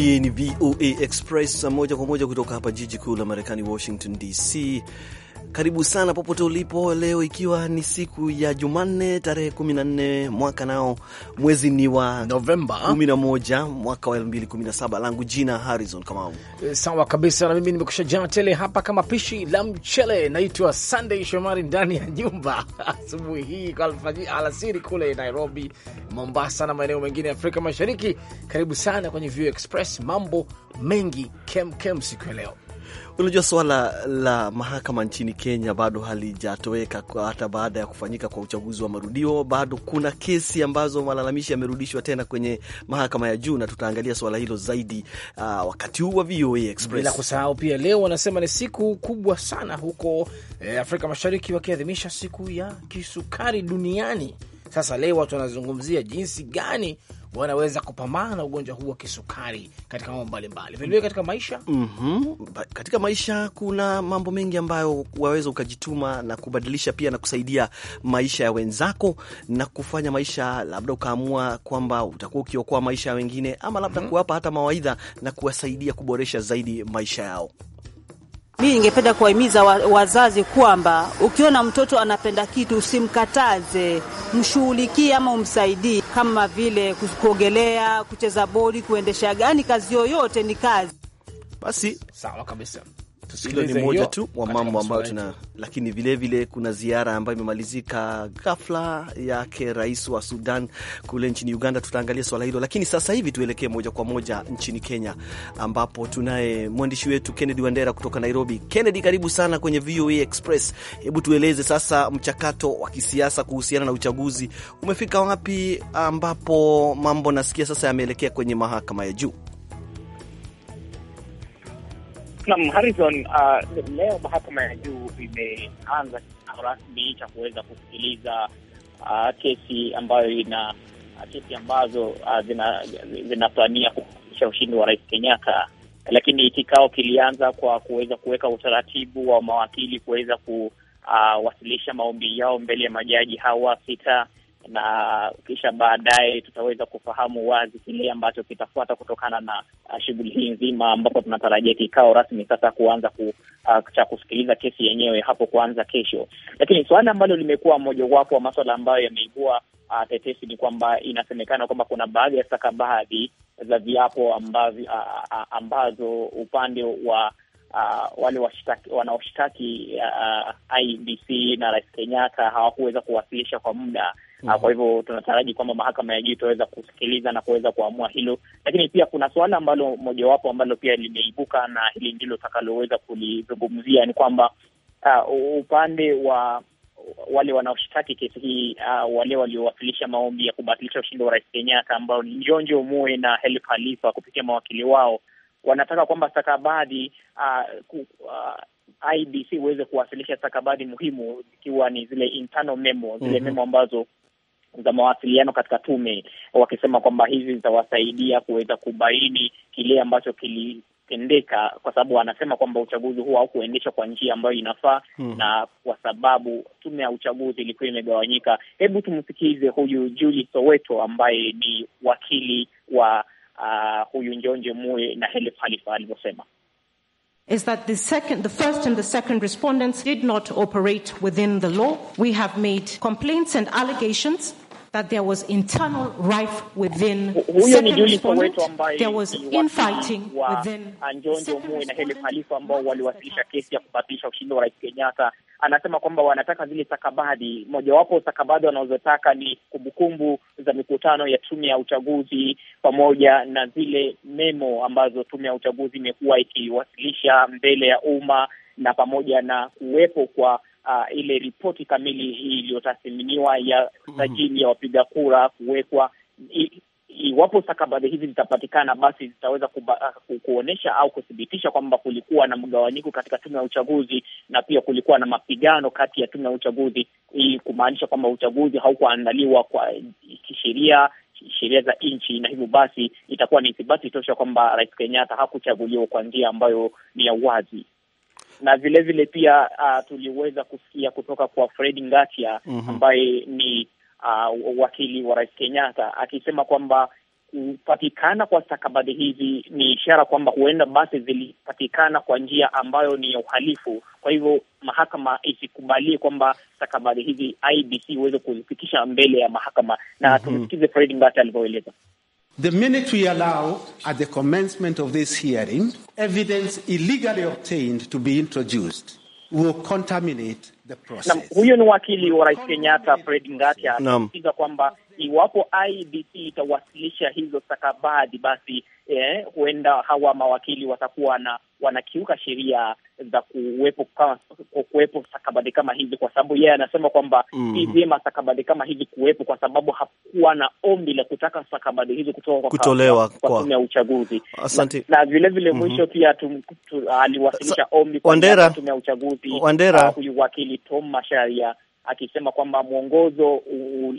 Hii ni VOA Express moja kwa moja kutoka hapa jiji kuu la Marekani, Washington DC. Karibu sana popote ulipo leo, ikiwa ni siku ya Jumanne tarehe 14 mwaka nao mwezi ni wa Novemba 11 mwaka wa 2017. Langu jina Harrison Kamau. Eh, sawa kabisa, na mimi nimekusha jana tele hapa kama pishi la mchele. Naitwa Sunday Shomari ndani ya nyumba asubuhi hii kwa alasiri kule Nairobi, Mombasa na maeneo mengine ya Afrika Mashariki. Karibu sana kwenye View Express Express. Mambo mengi kem kem siku ya leo. Unajua, swala la mahakama nchini Kenya bado halijatoweka hata baada ya kufanyika kwa uchaguzi wa marudio. Bado kuna kesi ambazo malalamishi yamerudishwa tena kwenye mahakama ya juu, na tutaangalia swala hilo zaidi uh, wakati huu wa VOA Express, bila kusahau pia leo wanasema ni siku kubwa sana huko eh, Afrika Mashariki, wakiadhimisha siku ya kisukari duniani. Sasa leo watu wanazungumzia jinsi gani wanaweza kupambana na ugonjwa huu wa kisukari katika mambo mbalimbali, vilevile katika maisha mm -hmm. Katika maisha kuna mambo mengi ambayo waweza ukajituma na kubadilisha pia na kusaidia maisha ya wenzako na kufanya maisha, labda ukaamua kwamba utakuwa ukiokoa maisha ya wengine ama labda mm -hmm. kuwapa hata mawaidha na kuwasaidia kuboresha zaidi maisha yao. Mi ningependa kuwahimiza wazazi kwamba ukiona mtoto anapenda kitu usimkataze, mshughulikie ama umsaidie, kama vile kuogelea, kucheza bodi, kuendesha gani, kazi yoyote ni kazi. Basi sawa kabisa. Hilo ni moja tu wa mambo ambayo tuna, lakini vilevile vile kuna ziara ambayo imemalizika ghafla yake rais wa Sudan kule nchini Uganda. Tutaangalia swala hilo, lakini sasa hivi tuelekee moja kwa moja nchini Kenya ambapo tunaye mwandishi wetu Kennedy Wandera kutoka Nairobi. Kennedy, karibu sana kwenye VOA e Express. Hebu tueleze sasa mchakato wa kisiasa kuhusiana na uchaguzi umefika wapi, ambapo mambo nasikia sasa yameelekea kwenye mahakama ya juu. Naam, Harrison, uh, leo mahakama ya juu imeanza kikao rasmi cha kuweza kusikiliza uh, kesi ambayo ina uh, kesi ambazo uh, zinapania kuisha ushindi wa Rais Kenyatta, lakini kikao kilianza kwa kuweza kuweka utaratibu wa mawakili kuweza kuwasilisha maombi yao mbele ya majaji hawa sita na kisha baadaye tutaweza kufahamu wazi kile ambacho kitafuata kutokana na uh, shughuli hii nzima, ambapo tunatarajia kikao rasmi sasa kuanza ku, uh, cha kusikiliza kesi yenyewe hapo kuanza kesho. Lakini suala ambalo limekuwa mojawapo wa maswala ambayo yameibua uh, tetesi ni kwamba inasemekana kwamba kuna baadhi ya stakabadhi za viapo ambazo, uh, uh, ambazo upande wa Uh, wale wanaoshtaki uh, uh IBC na Rais Kenyatta hawakuweza kuwasilisha kwa muda, mm-hmm. Kwa hivyo tunataraji kwamba mahakama ya juu itaweza kusikiliza na kuweza kuamua hilo, lakini pia kuna suala ambalo mojawapo ambalo pia limeibuka na hili ndilo takaloweza kulizungumzia ni kwamba uh, upande wa wale wanaoshtaki kesi hii uh, wale waliowasilisha maombi ya kubatilisha ushindi wa Rais Kenyatta ambao ni Njonjo Moe na Helen Khalifa kupitia mawakili wao wanataka kwamba stakabadhi uh, uh, IBC uweze kuwasilisha stakabadhi muhimu zikiwa ni zile internal memo, zile mm -hmm. memo ambazo za mawasiliano katika tume, wakisema kwamba hizi zitawasaidia kuweza kubaini kile ambacho kili tendeka kwa sababu anasema kwamba uchaguzi huu haukuendeshwa kwa njia ambayo inafaa, -hmm. na kwa sababu tume ya uchaguzi ilikuwa imegawanyika. Hebu tumsikilize huyu Julie Soweto ambaye ni wakili wa uh, huyu Njonje Mue na Helef Halifa alivyosema is that the second the first and the second respondents did not operate within the law we have made complaints and allegations that there was internal rife within huyo ni there was infighting within Anjonjo Moi na Helen ambao waliwasilisha kesi ya kubatilisha ushindi wa Rais Kenyatta. Anasema kwamba wanataka zile stakabadhi, mojawapo stakabadhi wanazotaka ni kumbukumbu za mikutano ya tume ya uchaguzi pamoja na zile memo ambazo tume ya uchaguzi imekuwa ikiwasilisha mbele ya umma na pamoja na kuwepo kwa uh, ile ripoti kamili hii iliyotathminiwa ya mhm. sajili ya wapiga kura kuwekwa iwapo stakabadhi hizi zitapatikana basi zitaweza uh, kuonyesha au kuthibitisha kwamba kulikuwa na mgawanyiko katika tume ya uchaguzi na pia kulikuwa na mapigano kati ya tume ya uchaguzi, ili kumaanisha kwamba uchaguzi haukuandaliwa kwa kisheria, sheria za nchi, na hivyo basi itakuwa ni ithibati tosha kwamba Rais Kenyatta hakuchaguliwa kwa njia ambayo ni ya uwazi na vilevile vile pia uh, tuliweza kusikia kutoka kwa Fred Ngatia mm -hmm. ambaye ni uh, wakili wa Rais Kenyatta akisema kwamba kupatikana kwa stakabadhi hizi ni ishara kwamba huenda basi zilipatikana kwa njia ambayo ni ya uhalifu. Kwa hivyo mahakama isikubalie kwamba stakabadhi hizi IBC iweze kuzifikisha mbele ya mahakama, na mm -hmm. tumsikize Fred ngatia alivyoeleza. The minute we allow, at the commencement of this hearing, evidence illegally obtained to be introduced will contaminate the process. Huyo ni wakili wa Rais Kenyatta Fred Ngatia kwamba iwapo IBC itawasilisha hizo stakabadhi, basi eh, huenda hawa mawakili watakuwa na wanakiuka sheria za kuwepo kuwepo stakabadhi kama hizi, kwa sababu yeye anasema kwamba mm -hmm. vyema stakabadhi kama hizi kuwepo, kwa sababu hakuwa na ombi la kutaka stakabadhi hizi kutoka kwa kutolewa kwa tume ya uchaguzi. Asante. Na vilevile vile mm-hmm. mwisho mm -hmm. pia tu, tu, aliwasilisha ombi kwa tume ya uchaguzi Wandera, huyu wakili Tom Masharia akisema kwamba mwongozo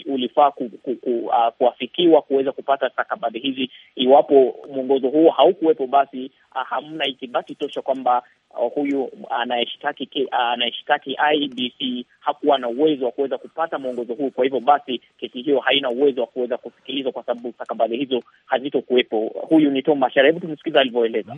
ulifaa ku, ku, ku, uh, kuafikiwa kuweza kupata stakabadhi hizi. Iwapo mwongozo huo haukuwepo, basi uh, hamna ithibati tosha kwamba uh, huyu anayeshtaki uh, anayeshtaki IBC hakuwa na uwezo wa kuweza kupata mwongozo huu. Kwa hivyo basi kesi hiyo haina uwezo wa kuweza kusikilizwa kwa sababu stakabadhi hizo hazitokuwepo. Huyu ni Tom Mashara, hebu tumsikiza alivyoeleza.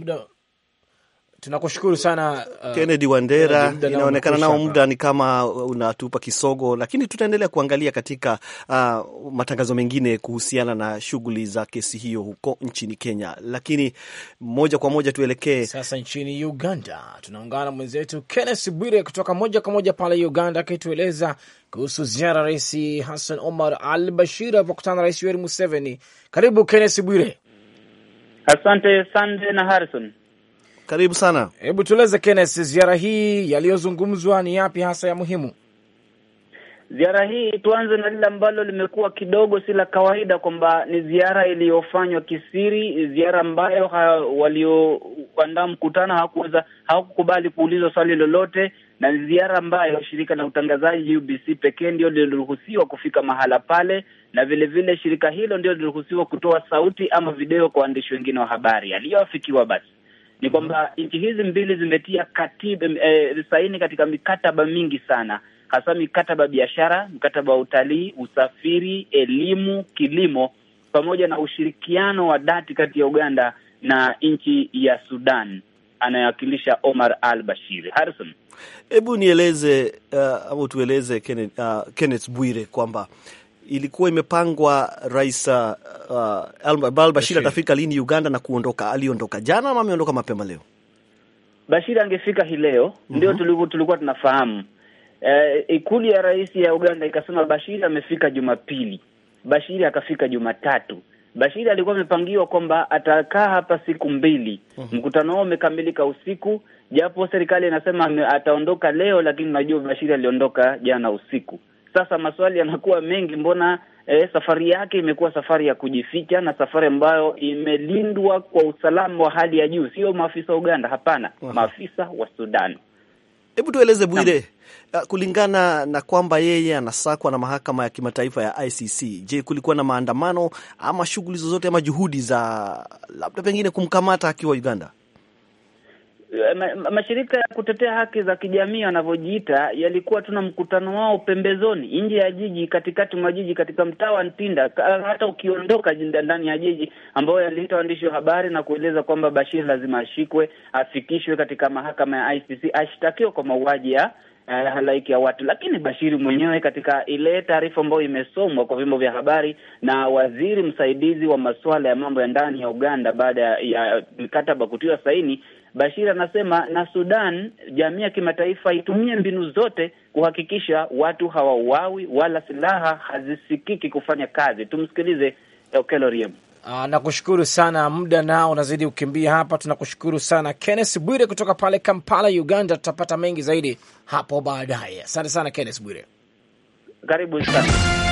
Tunakushukuru sana uh, Kennedy Wandera. Inaonekana nao muda ni kama unatupa kisogo, lakini tutaendelea kuangalia katika uh, matangazo mengine kuhusiana na shughuli za kesi hiyo huko nchini Kenya. Lakini moja kwa moja tuelekee sasa nchini Uganda. Tunaungana na mwenzetu Kenneth Bwire kutoka moja kwa moja pale Uganda, akitueleza kuhusu ziara Rais Hassan Omar al Bashir alipokutana na Rais Yoweri Museveni. Karibu Kenneth Bwire. Asante Sande na Harrison. Karibu sana. Hebu tueleze Kenneth, ziara hii yaliyozungumzwa ni yapi hasa ya muhimu? Ziara hii tuanze na lile ambalo limekuwa kidogo si la kawaida, kwamba ni ziara iliyofanywa kisiri, ziara ambayo walioandaa mkutano hawakuweza hawakukubali kuulizwa swali lolote, na ni ziara ambayo shirika la utangazaji UBC pekee ndio liliruhusiwa kufika mahala pale, na vilevile vile shirika hilo ndio liliruhusiwa kutoa sauti ama video kwa waandishi wengine wa habari. Aliyoafikiwa basi ni kwamba nchi hizi mbili zimetia katiba eh, saini katika mikataba mingi sana, hasa mikataba ya biashara, mkataba wa utalii, usafiri, elimu, kilimo pamoja na ushirikiano wa dhati kati ya Uganda na nchi ya Sudan anayewakilisha Omar al Bashir. Harrison, hebu nieleze uh, au tueleze Kenneth, uh, Kenneth Bwire kwamba ilikuwa imepangwa rais uh, uh Bashir atafika lini Uganda na kuondoka? Aliondoka jana ama ameondoka mapema leo? Bashir angefika hii leo mm -hmm. Ndio tulikuwa, tulikuwa tunafahamu eh, ikulu ya rais ya Uganda ikasema Bashir amefika Jumapili, Bashir akafika Jumatatu. Bashir alikuwa amepangiwa kwamba atakaa hapa siku mbili. mm -hmm. Mkutano wao umekamilika usiku, japo serikali inasema ataondoka leo, lakini najua Bashir aliondoka jana usiku. Sasa maswali yanakuwa mengi, mbona eh, safari yake imekuwa safari ya kujificha na safari ambayo imelindwa kwa usalama wa hali ya juu, sio maafisa wa Uganda, hapana, Aha. maafisa wa Sudan. Hebu tueleze Bwire, eh, kulingana na kwamba yeye anasakwa na mahakama ya kimataifa ya ICC, je, kulikuwa na maandamano ama shughuli zozote ama juhudi za labda pengine kumkamata akiwa Uganda? Eh, ma, mashirika ya kutetea haki za kijamii wanavyojiita yalikuwa tuna mkutano wao pembezoni nje ya jiji, katikati mwa jiji, katika mtaa wa Ntinda, hata ukiondoka ndani ya jiji, ambayo yaliita waandishi wa habari na kueleza kwamba Bashir lazima ashikwe, afikishwe katika mahakama ya ICC, ashtakiwe kwa mauaji ya Uh, halaiki ya watu. Lakini Bashiri mwenyewe katika ile taarifa ambayo imesomwa kwa vyombo vya habari na waziri msaidizi wa masuala ya mambo ya ndani ya Uganda baada ya mkataba kutiwa saini, Bashir anasema na Sudan, jamii ya kimataifa itumie mbinu zote kuhakikisha watu hawauawi wala silaha hazisikiki kufanya kazi. Tumsikilize eh, Okello Riem. Ah, nakushukuru sana, muda nao unazidi kukimbia hapa. Tunakushukuru sana Kenneth Bwire kutoka pale Kampala, Uganda. Tutapata mengi zaidi hapo baadaye. Asante sana Kenneth Bwire, karibu sana.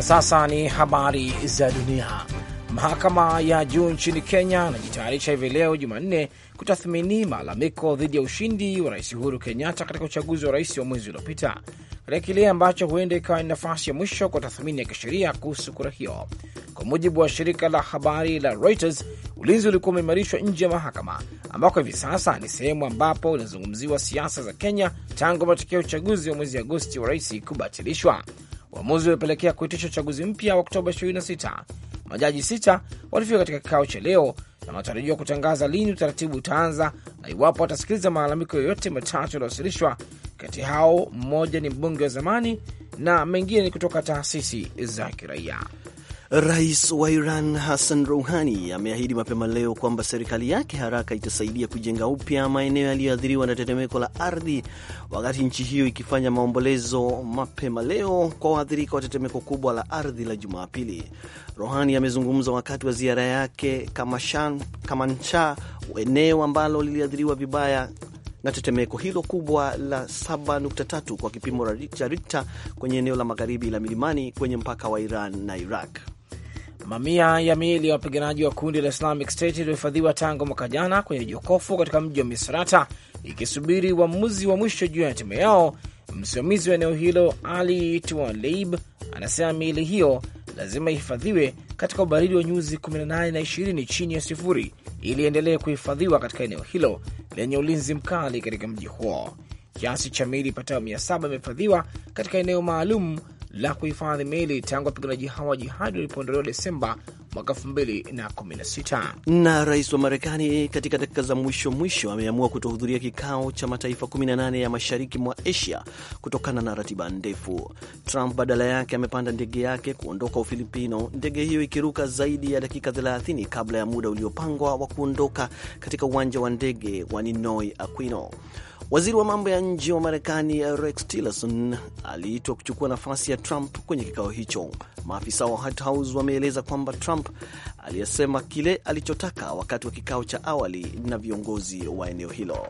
Na sasa ni habari za dunia. Mahakama ya juu nchini Kenya inajitayarisha hivi leo Jumanne kutathmini malalamiko dhidi ya ushindi wa Rais Uhuru Kenyatta katika uchaguzi wa rais wa mwezi uliopita katika kile ambacho huenda ikawa ni nafasi ya mwisho kwa tathmini ya kisheria kuhusu kura hiyo. Kwa mujibu wa shirika la habari la Reuters, ulinzi ulikuwa umeimarishwa nje ya mahakama ambako hivi sasa ni sehemu ambapo inazungumziwa siasa za Kenya tangu matokeo ya uchaguzi wa mwezi Agosti wa rais kubatilishwa. Uamuzi ulipelekea kuitisha uchaguzi mpya wa Oktoba 26. Majaji sita walifika katika kikao cha leo na matarajio kutangaza lini utaratibu utaanza na iwapo watasikiliza malalamiko yoyote matatu yaliyowasilishwa. Kati hao mmoja ni mbunge wa zamani na mengine ni kutoka taasisi za kiraia. Rais wa Iran Hassan Rouhani ameahidi mapema leo kwamba serikali yake haraka itasaidia kujenga upya maeneo yaliyoathiriwa na tetemeko la ardhi, wakati nchi hiyo ikifanya maombolezo mapema leo kwa waathirika wa tetemeko kubwa la ardhi la Jumapili. Rouhani amezungumza wakati wa ziara yake Kamancha, eneo ambalo liliathiriwa vibaya na tetemeko hilo kubwa la 7.3 kwa kipimo cha Richter kwenye eneo la magharibi la milimani kwenye mpaka wa Iran na Iraq. Mamia ya miili ya wapiganaji wa kundi la Islamic State iliyohifadhiwa tangu mwaka jana kwenye jokofu katika mji wa Misrata ikisubiri uamuzi wa mwisho juu ya hatima yao. Msimamizi wa eneo hilo Ali Tualeib anasema miili hiyo lazima ihifadhiwe katika ubaridi wa nyuzi 18 na 20 chini ya sifuri ili endelee kuhifadhiwa katika eneo hilo lenye ulinzi mkali katika mji huo. Kiasi cha miili patao 700 imehifadhiwa katika eneo maalum la kuhifadhi meli tangu wapiganaji hao wa jihadi walipoondolewa Desemba mwaka 2016. Na rais wa Marekani katika dakika za mwisho mwisho ameamua kutohudhuria kikao cha mataifa 18 ya mashariki mwa Asia kutokana na ratiba ndefu. Trump badala yake amepanda ndege yake kuondoka Ufilipino, ndege hiyo ikiruka zaidi ya dakika 30 kabla ya muda uliopangwa wa kuondoka katika uwanja wa ndege wa Ninoy Aquino. Waziri wa mambo ya nje wa Marekani Rex Tillerson aliitwa kuchukua nafasi ya Trump kwenye kikao hicho. Maafisa wa White House wameeleza kwamba Trump aliyesema kile alichotaka wakati wa kikao cha awali na viongozi wa eneo hilo.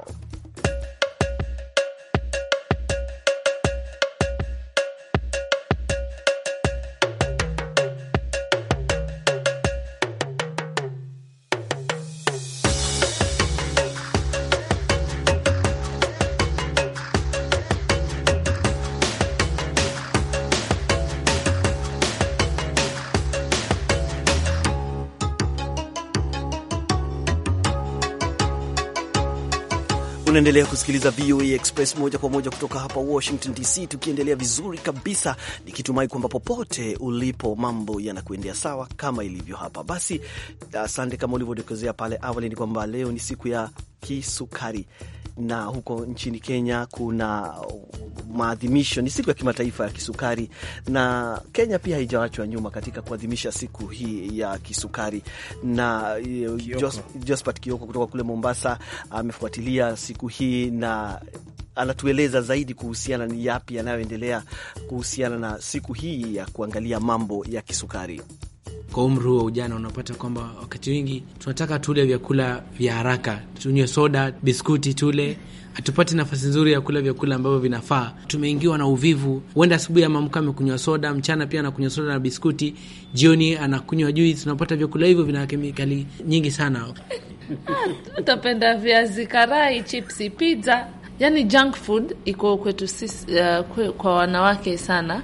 Unaendelea kusikiliza VOA Express moja kwa moja kutoka hapa Washington DC, tukiendelea vizuri kabisa, nikitumai kwamba popote ulipo mambo yanakuendea sawa kama ilivyo hapa. Basi asante, kama ulivyodokezea pale awali, ni kwamba leo ni siku ya kisukari na huko nchini Kenya kuna maadhimisho, ni siku ya kimataifa ya kisukari, na Kenya pia haijawachwa nyuma katika kuadhimisha siku hii ya kisukari. Na eh, Josephat Kioko kutoka kule Mombasa amefuatilia siku hii na anatueleza zaidi kuhusiana ni yapi yanayoendelea kuhusiana na siku hii ya kuangalia mambo ya kisukari kwa umri huo ujana, unapata kwamba wakati wingi tunataka tule vyakula vya haraka, tunywe soda, biskuti tule hatupati nafasi nzuri ya kula vyakula ambavyo vinafaa. Tumeingiwa na uvivu, huenda asubuhi amamka amekunywa soda, mchana pia anakunywa soda na biskuti, jioni anakunywa jui. Tunapata vyakula hivyo vina kemikali nyingi sana. Utapenda viazi karai, chipsi, pizza yani junk food iko kwetu sisi, uh, kwe, kwa wanawake sana,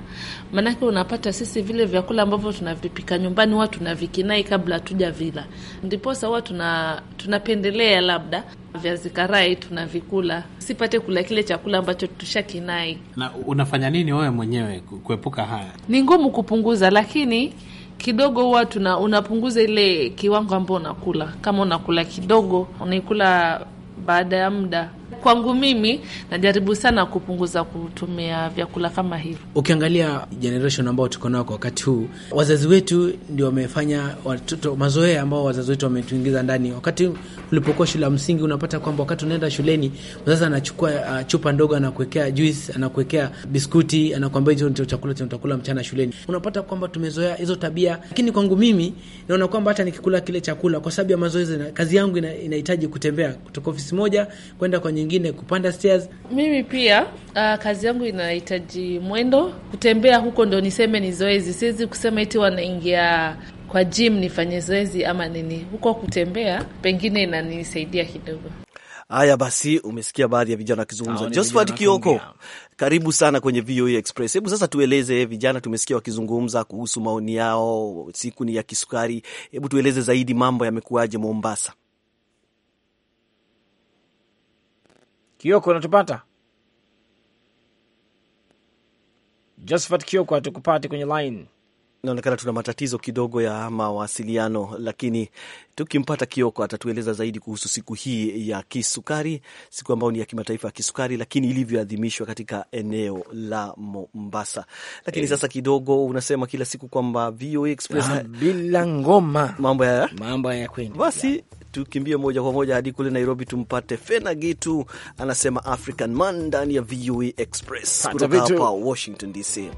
maanake unapata sisi vile vyakula ambavyo tunavipika nyumbani huwa tunavikinai kabla hatuja vila, ndiposa huwa tuna tunapendelea labda viazi karai tunavikula, sipate kula kile chakula ambacho tushakinai. Na unafanya nini wewe mwenyewe kuepuka haya? Ni ngumu kupunguza, lakini kidogo huwa tuna unapunguza ile kiwango ambao unakula. Kama unakula kidogo, unaikula baada ya muda Kwangu mimi najaribu sana kupunguza kutumia vyakula kama hivyo. Ukiangalia generation ambao tuko nao kwa wakati huu, wazazi wetu ndio wamefanya watoto mazoea ambao wazazi wetu wametuingiza ndani. Wakati ulipokuwa shule ya msingi, unapata kwamba wakati unaenda shuleni, mzazi anachukua uh, chupa ndogo, anakuwekea juice, anakuwekea biskuti, anakuambia hicho ndio chakula tunachokula mchana shuleni. Unapata kwamba tumezoea hizo tabia, lakini kwangu mimi naona kwamba hata nikikula kile chakula, kwa sababu ya mazoezi, kazi yangu inahitaji kutembea kutoka ofisi moja kwenda kwenye nyingine kupanda stairs. Mimi pia uh, kazi yangu inahitaji mwendo, kutembea huko ndo niseme ni zoezi. Siwezi kusema eti wanaingia kwa gym nifanye zoezi ama nini, huko kutembea pengine inanisaidia kidogo. Haya basi, umesikia baadhi ya vijana wakizungumza. Josephat Kioko, karibu sana kwenye VOA e Express. Hebu sasa tueleze, vijana tumesikia wakizungumza kuhusu maoni yao, siku ni ya kisukari. Hebu tueleze zaidi, mambo yamekuwaje Mombasa? Kioko, unatupata? Josephat Kioko hatukupati kwenye line. Inaonekana tuna matatizo kidogo ya mawasiliano, lakini tukimpata Kioko atatueleza zaidi kuhusu siku hii ya kisukari, siku ambayo ni ya kimataifa ya kisukari, lakini ilivyoadhimishwa katika eneo la Mombasa. Lakini e, sasa kidogo unasema kila siku kwamba VOA Express ah, bila ngoma mambo ya mambo ya kwenda basi tukimbie moja kwa moja hadi kule Nairobi tumpate Fena Gitu anasema African Man ndani ya VOA e Express kutoka hapa Washington DC.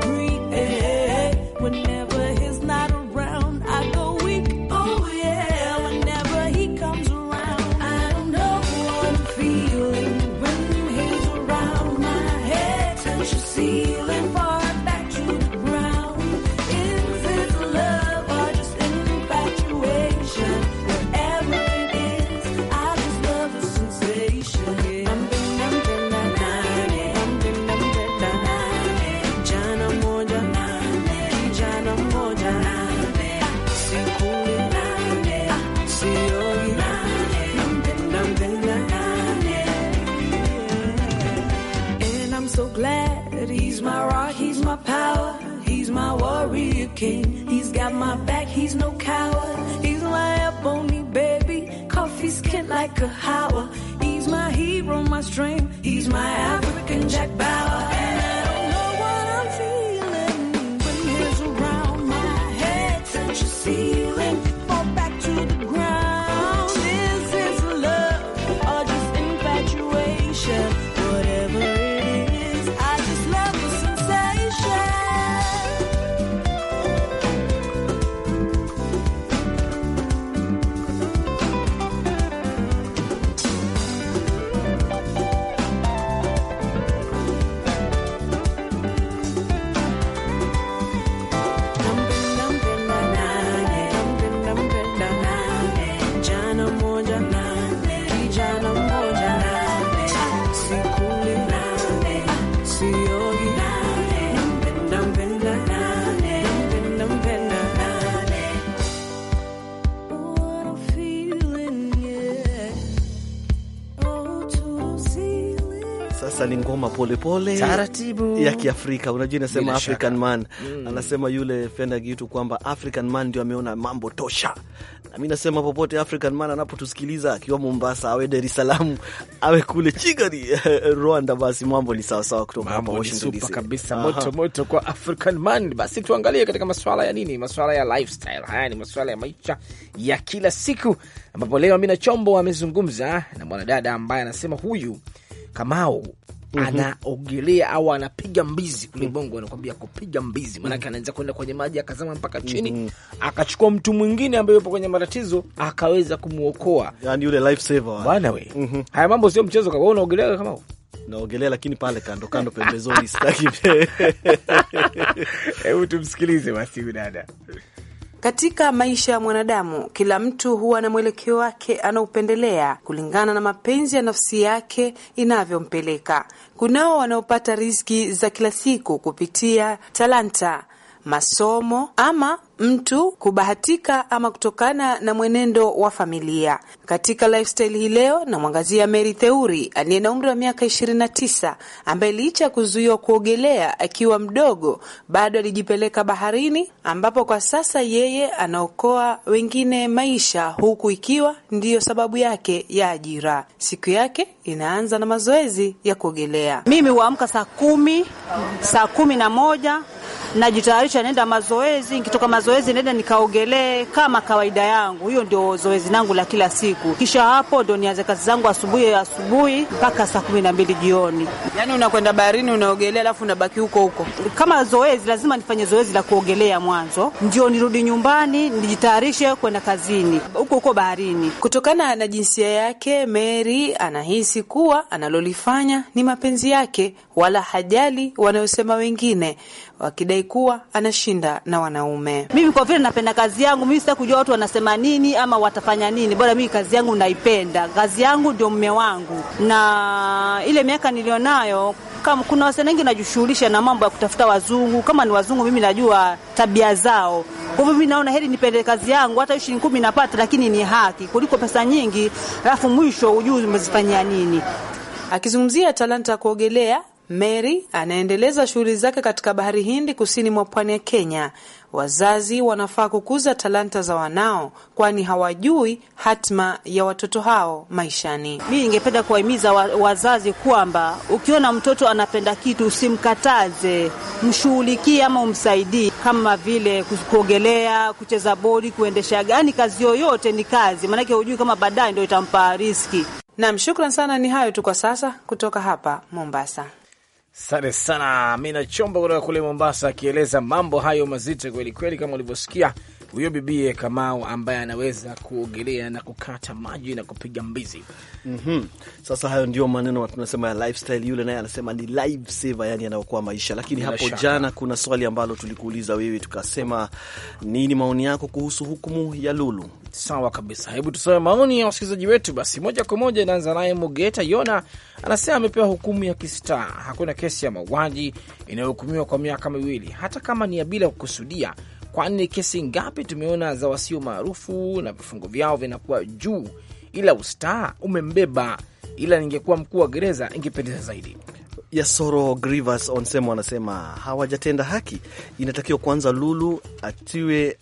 breathe. He's my hero, my strength. He's my African Jack. Sasa ni ngoma polepole taratibu ya Kiafrika. Unajua inasema African man mm. Anasema yule Fenda Gitu kwamba African man ndio ameona mambo tosha, na mi nasema popote African man anapotusikiliza akiwa Mombasa, awe Dar es Salaam, awe kule Kigali Rwanda, basi mambo ni sawasawa kutoka hapa Washington DC kabisa. Moto moto kwa African man. Basi tuangalie katika maswala ya nini, maswala ya lifestyle. Haya ni maswala ya maisha ya kila siku, ambapo leo Amina Chombo amezungumza na mwanadada ambaye anasema huyu Kamau mm -hmm. anaogelea au anapiga mbizi kule mm. Bongo anakwambia kupiga mbizi, maanake mm. anaweza kwenda kwenye maji akazama mpaka mm-hmm. chini mm -hmm. akachukua mtu mwingine ambaye yupo kwenye matatizo akaweza kumwokoa, yani yule life saver bwana we mm -hmm. Haya mambo sio mchezo, kama unaogelea kama naogelea lakini pale kando kando pembezoni sitaki. Hebu tumsikilize basi dada katika maisha ya mwanadamu, kila mtu huwa na mwelekeo wake anaopendelea kulingana na mapenzi ya nafsi yake inavyompeleka. Kunao wanaopata riziki za kila siku kupitia talanta, masomo ama mtu kubahatika ama kutokana na mwenendo wa familia. Katika lifestyle hii leo namwangazia Mary Theuri aliye na umri wa miaka 29 ambaye licha ya kuzuiwa kuogelea akiwa mdogo bado alijipeleka baharini, ambapo kwa sasa yeye anaokoa wengine maisha, huku ikiwa ndiyo sababu yake ya ajira. Siku yake inaanza na mazoezi ya kuogelea. Mimi huamka saa kumi, saa kumi na moja najitayarisha, naenda mazoezi, nikitoka mazoezi mazoezi, naenda nikaogelee kama kawaida yangu. Hiyo ndio zoezi langu la kila siku, kisha hapo ndo nianze kazi zangu asubuhi asubuhi mpaka saa kumi na mbili jioni. Yani unakwenda baharini, unaogelea, alafu unabaki huko huko. Kama zoezi, lazima nifanye zoezi la kuogelea mwanzo, ndio nirudi nyumbani nijitayarishe kwenda kazini huko huko baharini. Kutokana na jinsia yake, Mary anahisi kuwa analolifanya ni mapenzi yake, wala hajali wanayosema wengine wakidai kuwa anashinda na wanaume. Mimi kwa vile napenda kazi yangu, mimi sita kujua watu wanasema nini ama watafanya nini, bora mimi kazi yangu naipenda. Kazi yangu ndio mume wangu, na ile miaka nilionayo kama kuna wasanii wengi najishughulisha na mambo ya kutafuta wazungu. Kama ni wazungu, mimi najua tabia zao. Kwa hivyo mimi naona heri nipende kazi yangu, hata shilingi kumi napata, lakini ni haki kuliko pesa nyingi, alafu mwisho hujui umezifanyia nini. Akizungumzia talanta ya kuogelea Mary anaendeleza shughuli zake katika Bahari Hindi kusini mwa pwani ya Kenya. Wazazi wanafaa kukuza talanta za wanao, kwani hawajui hatima ya watoto hao maishani. Mi ningependa kuwahimiza wa, wazazi kwamba ukiona mtoto anapenda kitu usimkataze, mshughulikie ama umsaidie, kama vile kuogelea, kucheza bodi, kuendesha gani. Kazi yoyote ni kazi, maanake hujui kama baadaye ndo itampa riski. Nam, shukran sana. Ni hayo tu kwa sasa kutoka hapa Mombasa. Asante sana Mina Chombo kutoka kule Mombasa, akieleza mambo hayo mazito kwelikweli, kama ulivyosikia huyo bibie Kamau ambaye anaweza kuogelea na kukata maji na kupiga mbizi. mm -hmm. Sasa hayo ndio maneno tunasema ya lifestyle. Yule naye anasema ni life saver, yani anaokoa maisha. Lakini hapo jana kuna swali ambalo tulikuuliza wewe, tukasema nini maoni yako kuhusu hukumu ya Lulu? Sawa kabisa, hebu tusome maoni ya wasikilizaji wetu basi moja kwa moja. Inaanza naye Mogeta Yona anasema amepewa hukumu ya kistaa. Hakuna kesi ya mauaji inayohukumiwa kwa miaka miwili, hata kama ni ya bila kukusudia kwani kesi ngapi tumeona za wasio maarufu na vifungo vyao vinakuwa juu, ila ustaa umembeba. Ila ningekuwa mkuu wa gereza ingependeza zaidi. Yasoro Grivas Onsemo anasema hawajatenda haki. Inatakiwa kwanza Lulu atiwe,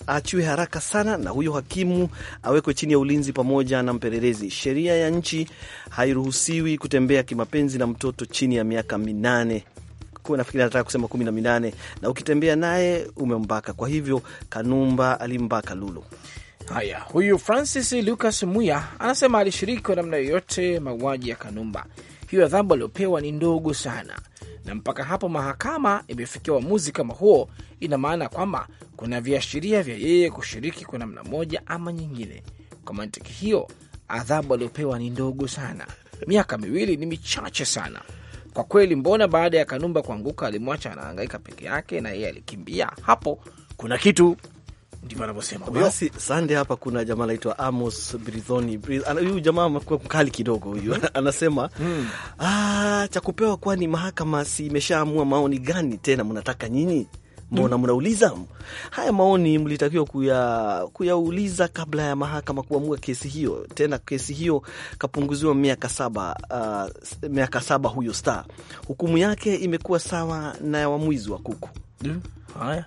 haraka sana, na huyo hakimu awekwe chini ya ulinzi pamoja na mpelelezi. Sheria ya nchi hairuhusiwi kutembea kimapenzi na mtoto chini ya miaka minane yako, nafikiri anataka kusema kumi na minane, na ukitembea naye umembaka. Kwa hivyo Kanumba alimbaka Lulu. Haya, huyu Francis Lucas Muya anasema alishiriki kwa namna yoyote mauaji ya Kanumba. Hiyo adhabu aliyopewa ni ndogo sana, na mpaka hapo mahakama imefikia uamuzi kama huo, ina maana kwamba kuna viashiria vya yeye kushiriki kwa namna moja ama nyingine. Kwa mantiki hiyo, adhabu aliyopewa ni ndogo sana. Miaka miwili ni michache sana kwa kweli, mbona baada ya Kanumba kuanguka alimwacha anaangaika peke yake na yeye alikimbia? Hapo kuna kitu ndivyo anavyosema. Basi sande. Hapa kuna jamaa anaitwa Amos Brizoni. Huyu jamaa amekuwa mkali kidogo huyu mm-hmm. anasema hmm. Ah, cha kupewa, kwani mahakama si imeshaamua maoni gani tena mnataka nyinyi? mona mm. mnauliza haya maoni mlitakiwa kuyauliza kuya kabla ya mahakama kuamua kesi hiyo. Tena kesi hiyo kapunguziwa miaka saba, uh, miaka saba huyo star. Hukumu yake imekuwa sawa na ya wamwizi wa kuku. mm. Haya,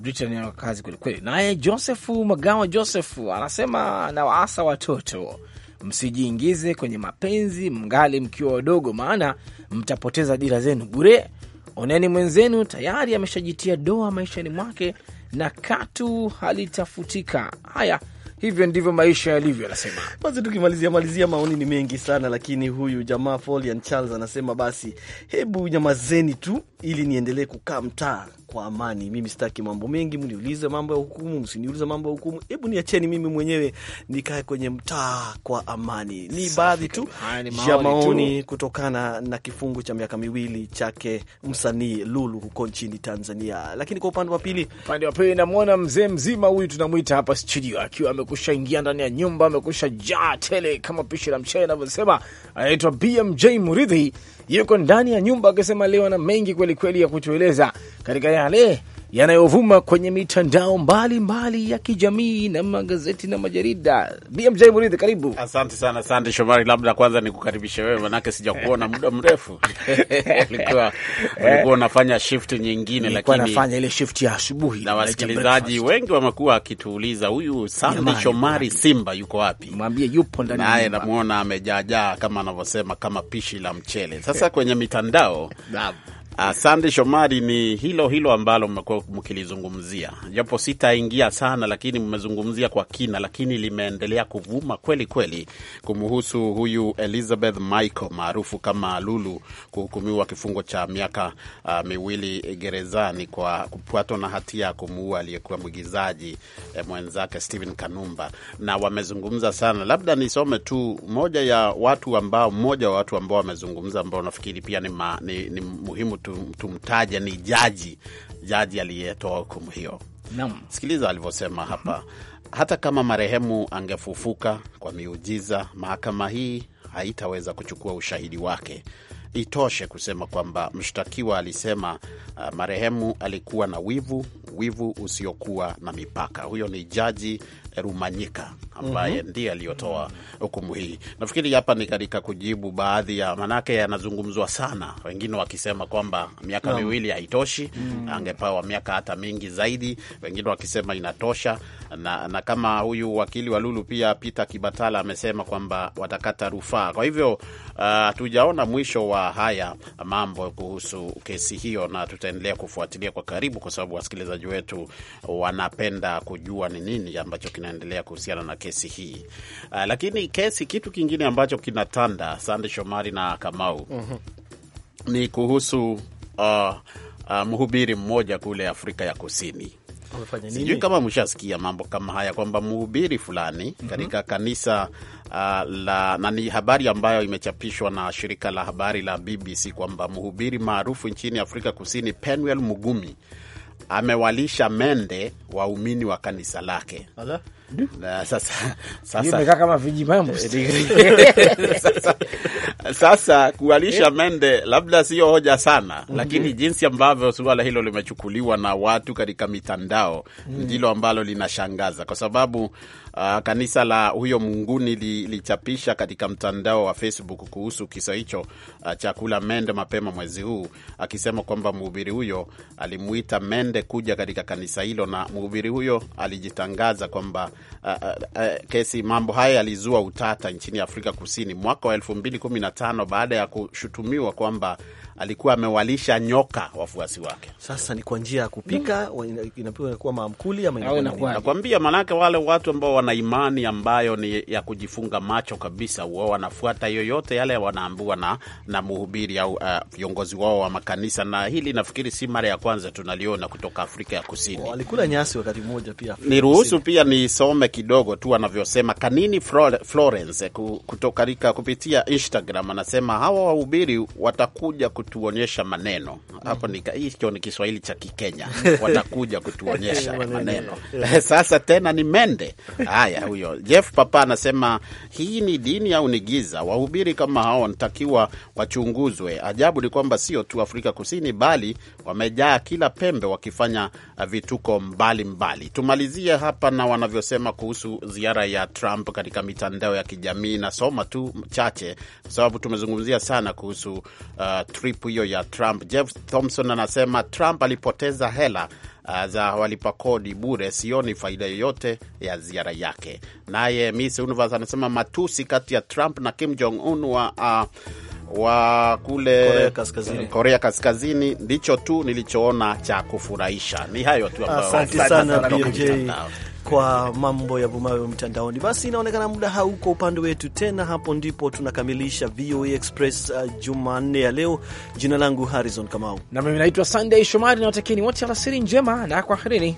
Britani ana kazi kwelikweli. Naye Josefu Magawa Josefu anasema na waasa watoto msijiingize kwenye mapenzi mngali mkiwa wadogo, maana mtapoteza dira zenu bure Oneni mwenzenu tayari ameshajitia doa maishani mwake na katu halitafutika. Haya, hivyo ndivyo maisha yalivyo, anasema. Basi tukimalizia malizia, maoni ni mengi sana, lakini huyu jamaa Folian Charles anasema basi, hebu nyamazeni tu ili niendelee kukaa mtaa kwa amani. Mimi sitaki mambo mengi, mniulize mambo ya hukumu, msiniulize mambo ya hukumu. Hebu niacheni mimi mwenyewe nikae kwenye mtaa kwa amani. Ni baadhi tu ya maoni kutokana na kifungu cha miaka miwili chake msanii Lulu huko nchini Tanzania. Lakini kwa upande wa pili, upande wa pili namwona mzee mzima huyu, tunamwita hapa studio, akiwa amekusha ingia ndani ya nyumba, amekusha jaa tele kama pishi la mchele anavyosema, anaitwa BMJ Muridhi yuko ndani ya nyumba akisema leo ana mengi kwelikweli ya kutueleza katika yale yanayovuma kwenye mitandao mbalimbali mbali ya kijamii na magazeti na majarida. BMJ Muridhi, karibu. Asante sana, asante Shomari. Labda kwanza nikukaribishe wewe, manake sijakuona muda mrefu ulikuwa ulikuwa unafanya shift nyingine, lakini nafanya ile shift ya asubuhi. Na wasikilizaji wengi wamekuwa akituuliza huyu Sandi Shomari Simba yuko wapi? Mwambie yupo ndani, naye amejaajaa kama anavyosema, kama pishi la mchele. Sasa kwenye mitandao Asante Shomari, ni hilo hilo ambalo mmekuwa mkilizungumzia, japo sitaingia sana, lakini mmezungumzia kwa kina, lakini limeendelea kuvuma kweli kweli, kumhusu huyu Elizabeth Michael maarufu kama Lulu kuhukumiwa kifungo cha miaka uh, miwili gerezani kwa kupatwa na hatia ya kumuua aliyekuwa mwigizaji eh, mwenzake Stephen Kanumba, na wamezungumza sana. Labda nisome tu moja ya watu ambao mmoja wa watu ambao wamezungumza ambao nafikiri pia ni, ma, ni, ni muhimu tumtaje ni jaji, jaji aliyetoa hukumu hiyo. Naam, sikiliza alivyosema hapa. Hata kama marehemu angefufuka kwa miujiza, mahakama hii haitaweza kuchukua ushahidi wake. Itoshe kusema kwamba mshtakiwa alisema uh, marehemu alikuwa na wivu, wivu usiokuwa na mipaka. Huyo ni jaji Rumanyika ambaye mm -hmm. ndiye aliyotoa hukumu hii. Nafikiri hapa ni katika kujibu baadhi ya manake yanazungumzwa sana, wengine wakisema kwamba miaka no. miwili haitoshi mm -hmm. angepewa miaka hata mingi zaidi, wengine wakisema inatosha na, na kama huyu wakili wa Lulu pia Peter Kibatala amesema kwamba watakata rufaa. Kwa hivyo uh, hatujaona uh, mwisho wa haya mambo kuhusu kesi hiyo, na tutaendelea kufuatilia kwa karibu, kwa sababu wasikilizaji wetu wanapenda kujua ni nini ambacho kina inaendelea kuhusiana na kesi hii uh, lakini kesi, kitu kingine ambacho kinatanda Sande Shomari na Kamau uh mhm. -huh. ni kuhusu uh, uh, mhubiri mmoja kule Afrika ya Kusini. Sijui kama mshasikia mambo kama haya kwamba mhubiri fulani mhm. katika kanisa uh, la na ni habari ambayo imechapishwa na shirika la habari la BBC kwamba mhubiri maarufu nchini Afrika Kusini Penuel Mugumi amewalisha mende waumini wa kanisa lake. Ala na sasa sasa imekaa kama sasa, sasa kualisha mende labda sio hoja sana mm -hmm. Lakini jinsi ambavyo suala hilo limechukuliwa na watu katika mitandao mhm. ndilo mm -hmm. ambalo linashangaza kwa sababu Uh, kanisa la huyo munguni lilichapisha katika mtandao wa Facebook kuhusu kisa hicho uh, cha kula mende mapema mwezi huu, akisema kwamba mhubiri huyo alimuita mende kuja katika kanisa hilo, na mhubiri huyo alijitangaza kwamba uh, uh, uh, kesi mambo haya yalizua utata nchini Afrika Kusini mwaka wa 2015 baada ya kushutumiwa kwamba alikuwa amewalisha nyoka wafuasi wake. Sasa ni kwa njia ya kupika, inapewa inakuwa maamkuli ama inakuwa, nakwambia, maanake wale watu ambao wana imani ambayo ni ya kujifunga macho kabisa, wao wanafuata yoyote yale wanaambiwa na, na mhubiri au uh, viongozi wao wa makanisa, na hili nafikiri si mara ya kwanza tunaliona kutoka Afrika ya Kusini. Walikula nyasi wakati mmoja pia Niruhusu pia nisome kidogo tu anavyosema Kanini Florence eh, kutoka kupitia Instagram, anasema hawa wahubiri watakuja kutu kutuonyesha maneno hapo. Hicho ni Kiswahili cha Kikenya, watakuja kutuonyesha maneno sasa tena ni mende haya. Huyo Jeff Papa anasema hii ni dini au ni giza? Wahubiri kama hao wanatakiwa wachunguzwe. Ajabu ni kwamba sio tu Afrika Kusini, bali wamejaa kila pembe wakifanya uh, vituko mbalimbali. Tumalizie hapa na wanavyosema kuhusu ziara ya Trump katika mitandao ya kijamii. Nasoma tu chache kwa sababu tumezungumzia sana kuhusu uh, klipu hiyo ya Trump. Jeff Thompson anasema Trump alipoteza hela uh, za walipa kodi bure, sioni faida yoyote ya ziara yake. Naye Miss Universe anasema matusi kati ya Trump na Kim Jong Un wa uh, wa kule Korea Kaskazini, Korea Kaskazini ndicho tu nilichoona cha kufurahisha. Ni hayo tu ambayo. Asante sana BJ kwa mambo ya vumayo mtandaoni. Basi inaonekana muda hauko upande wetu tena, hapo ndipo tunakamilisha VOA Express uh, Jumanne ya leo. Jina langu Harrison Kamau na mimi naitwa Sunday Shomari, nawatakieni wote alasiri njema na kwaherini.